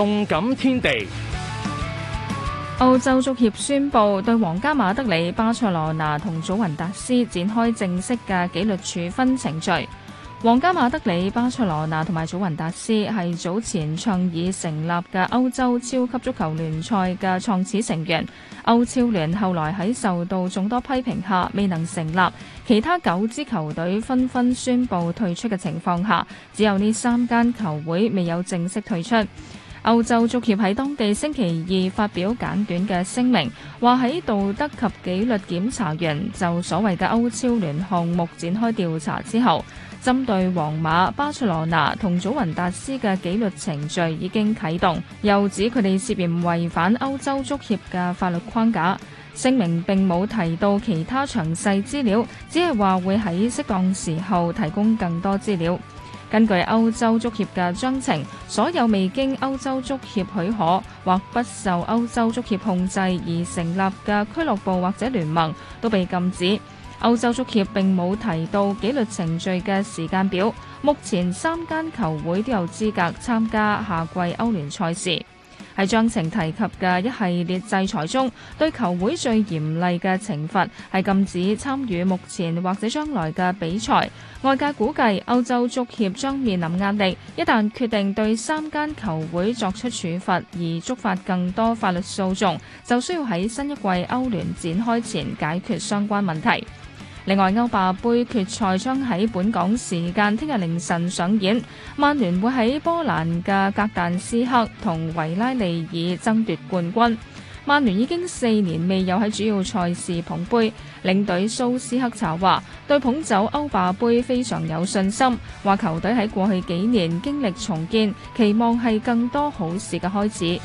動感天地。歐洲足協宣布對皇家馬德里、巴塞羅那同祖雲達斯展開正式嘅紀律處分程序。皇家馬德里、巴塞羅那同埋祖雲達斯係早前倡議成立嘅歐洲超級足球聯賽嘅創始成員。歐超聯後來喺受到眾多批評下未能成立，其他九支球隊紛紛宣布退出嘅情況下，只有呢三間球會未有正式退出。歐洲足協喺當地星期二發表簡短嘅聲明，話喺道德及紀律檢查員就所謂嘅歐超聯項目展開調查之後，針對皇馬、巴塞羅那同祖雲達斯嘅紀律程序已經啟動，又指佢哋涉嫌違反歐洲足協嘅法律框架。聲明並冇提到其他詳細資料，只係話會喺適當時候提供更多資料。根據歐洲足協嘅章程，所有未經歐洲足協許可或不受歐洲足協控制而成立嘅俱樂部或者聯盟都被禁止。歐洲足協並冇提到紀律程序嘅時間表。目前三間球會都有資格參加下季歐聯賽事。喺章程提及嘅一系列制裁中，對球會最嚴厲嘅懲罰係禁止參與目前或者將來嘅比賽。外界估計，歐洲足協將面臨壓力，一旦決定對三間球會作出處罰而觸發更多法律訴訟，就需要喺新一季歐聯展開前解決相關問題。另外，歐霸杯決賽將喺本港時間聽日凌晨上演，曼聯會喺波蘭嘅格但斯克同維拉利爾爭奪冠軍。曼聯已經四年未有喺主要賽事捧杯，領隊蘇斯克查話對捧走歐霸杯非常有信心，話球隊喺過去幾年經歷重建，期望係更多好事嘅開始。